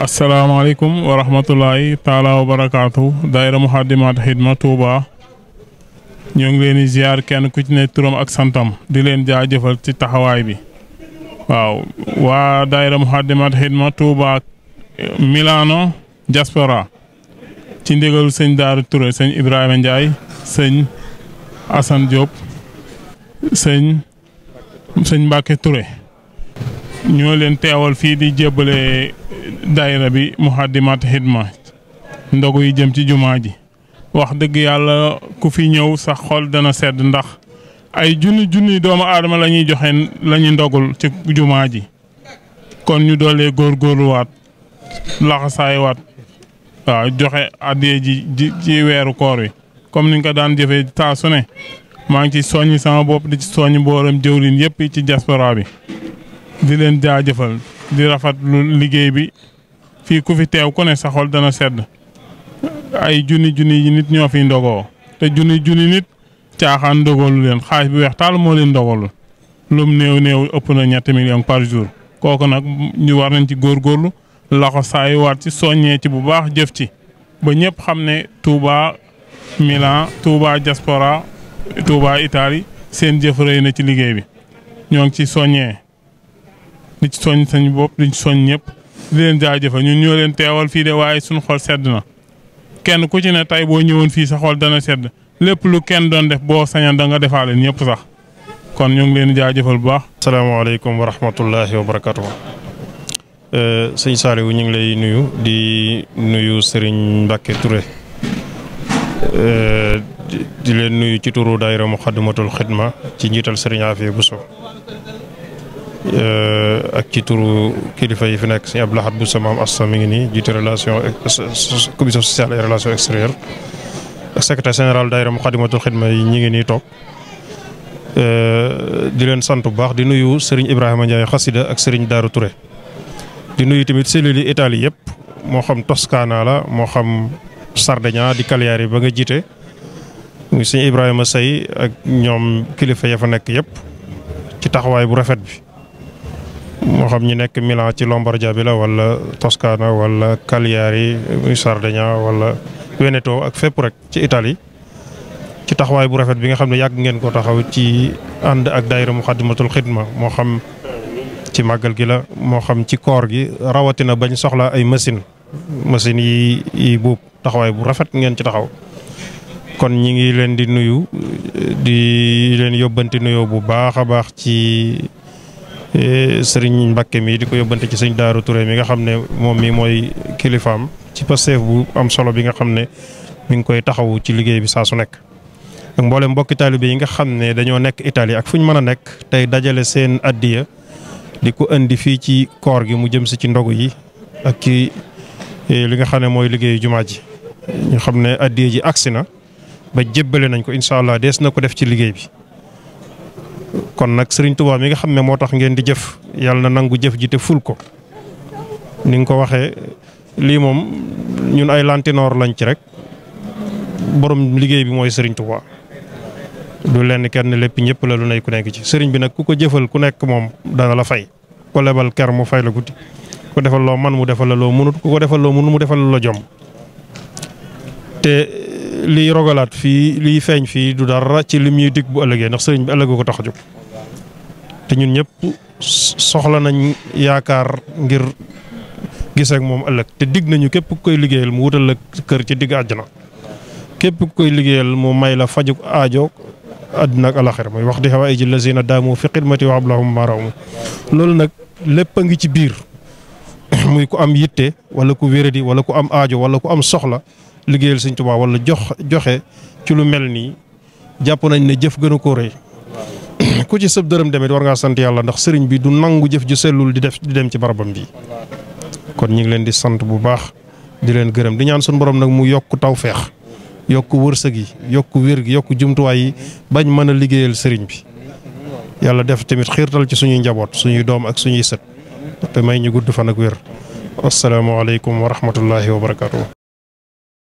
asalaamaaleykum wa rahmatulahi taala wa barakaatu daayira Muxaddamatul Xidma Touba ñoo ngi leen di kenn ku ci turam ak santam di leen jëfal ci taxawaay bi waaw waa daayira Muxaddamatul Xidma Touba eh, Milano diaspora ci ndigalu sëñ Daaru Touré sëñ Ibrahima Ndiaye sëñ Assane Diop sëñ sëñ Mbacke Touré leen teewal fii di jébbale daayira bi Muxaddamatul Xidma ndogu yi jëm ci jumaa ji wax dëgg yàlla ku fi ñëw sax xol dana sedd ndax ay junni junni doomu aadama la ñuy joxe la ndogul ci jumaa ji kon ñu doolee góorgóorluwaat laxasaaywaat waaw joxe addiya ji ci weeru koor wi comme niñ ko daan jëfee saa su ne maa ngi ci soññi sama bopp di ci soññi booram jëwlin yëpp ci diaspora bi di leen jaajëfal di rafetlu liggéey bi fii ku fi teew ku ne sa dana sedd ay junni junni nit ñoo fiy ndogoo te junni junni nit caaxaan ndogalu leen xaalis bi weex taal moo leen ndogalu lum néew néew ëpp na ñetti million par jour kooku nag ñu war nañ ci góorgóorlu laxo saayu waat ci soññee ci bu baax jëf ci ba ñëpp xam ne tuuba Milan Touba diaspora Touba Italie seen jëf rëy na ci liggéey bi ñoo ngi ci soññee di ci soñ sañ bopp di ci soñ ñëpp di leen jaajëfal ñun ñoo leen teewal fii de waaye suñu xol sedd na kenn ku ci ne tey boo ñëwoon fii sa xol dana sedd lépp lu kenn doon def boo sañan da nga leen ñëpp sax kon ñu ngi leen jaajëfal bu baax. salaamaaleykum wa rahmatullahi wa barakaatu. Euh, sëñ Saliou ñu ngi lay nuyu di nuyu Serigne Mbacke Touré euh, di leen nuyu ci turu daayira Muxaddamatul Xidma ci njiital Serigne bu Bousso Euh, ak ci turu kilifa yi fi nekk si Abdou Lahad bu sa maam Asta mi ngi nii jiite relation euh, commission sociale et relation extérieure ak secrétaire général daayira Muqaddimatul Xidma yi ñi ngi nii toog euh, di leen sant bu baax di nuyu sëriñ Ibrahima Ndiaye Xasida ak sëriñ Daaru Touré di nuyu tamit cellules yi Italie yëpp moo xam Toscana la moo xam Sardaigne di Cagliari ba nga jiite muy sëñ Ibrahima Sey ak ñoom kilifa ya fa nekk yëpp ci taxawaay bu rafet bi moo xam ñu nekk Milan ci Lombardia bi la wala Toscana wala Cagliari muy Sardegna wala Veneto ak fépp rek ci itali ci taxawaay bu rafet bi nga xam ne yàgg ngeen ko taxaw ci ànd ak mu Muxaddamatul Xidma moo xam ci màggal gi la moo xam ci koor gi rawatina bañ soxla ay machine machine yi yi buub taxawaay bu rafet ngeen ci taxaw kon ñi ngi leen di nuyu di leen yóbbanti nuyoo bu baax a baax ci Eh, sëriñ Mbacke mi di ko yóbbante ci sëñ Daaru Touré mi nga xam ne moom mi mooy kilifaam ci pasteef bu am solo bi nga xam ne mi ngi koy taxawu ci liggéey bi saa su nekk. ak mboolem mbokki taalibe yi nga xam ne dañoo nekk Italie ak fu ñu mën a nekk tey dajale seen addiya di ko indi fii ci koor gi mu jëm si ci ndogu yi ak ci eh, li nga xam ne mooy liggéey jumaa ji. ñu xam ne addiya ji agsi na ba jébbale nañ ko incha allah dees na ko def ci liggéey bi. kon nag sëriñ Tuubaa mi nga xam ne moo tax ngeen di jëf yàlla na nangu jëf ji te ful ko ni nga ko waxee lii moom ñun ay lantinoor lañ ci rek borom liggéey bi mooy sëriñ Tuubaa du lenn kenn lépp ñëpp la lu nekk ku nekk ci sëriñ bi nag ku ko jëfal ku nekk moom dana la fay ku lebal ker mu fay la guddi ku defal loo man mu defal la loo mënut ku ko defal loo mënut mu defal la jom te liy rogalaat fii liy feeñ fii du dara ci lim ñuy dig bu ëllëgee ndax sëriñ bi ëllëgoo ko tax a ñun ñëpp soxla nañ yaakaar ngir gisee ak moom ëllëg te digg nañu képp ku koy liggéeyal mu wutal la kër ci digg àjjana képp ku koy liggéeyal mu may la fajuk aajo àddina ak alaxir mooy wax di xaw ay ji lazina daamu fi xidmati wa ablahum marawmu loolu nag lépp a ngi ci biir muy ku am yitte wala ku wéradi wala ku am aajo wala ku am soxla liggéeyal Sëñ Tuubaa wala jox joxe ci lu mel nii jàpp nañ ne jëf gën a ko rëy ku ci sëb dërëm demit war ngaa sant yàlla ndax sëriñ bi du nangu jëf ju sellul di def di dem ci barabam bi kon ñu ngi leen di sant bu baax di leen gërëm di ñaan suñu borom nag mu yokk tawféex yokk wërsëg yi yokk wér gi yokk jumtuwaay yi bañ mën a liggéeyal sëriñ bi yàlla def tamit xiirtal ci suñuy njaboot suñuy doom ak suñuy sët te may ñu gudd fan ak wér asalaamaaleykum wa rahmatullahi wa barakaatu.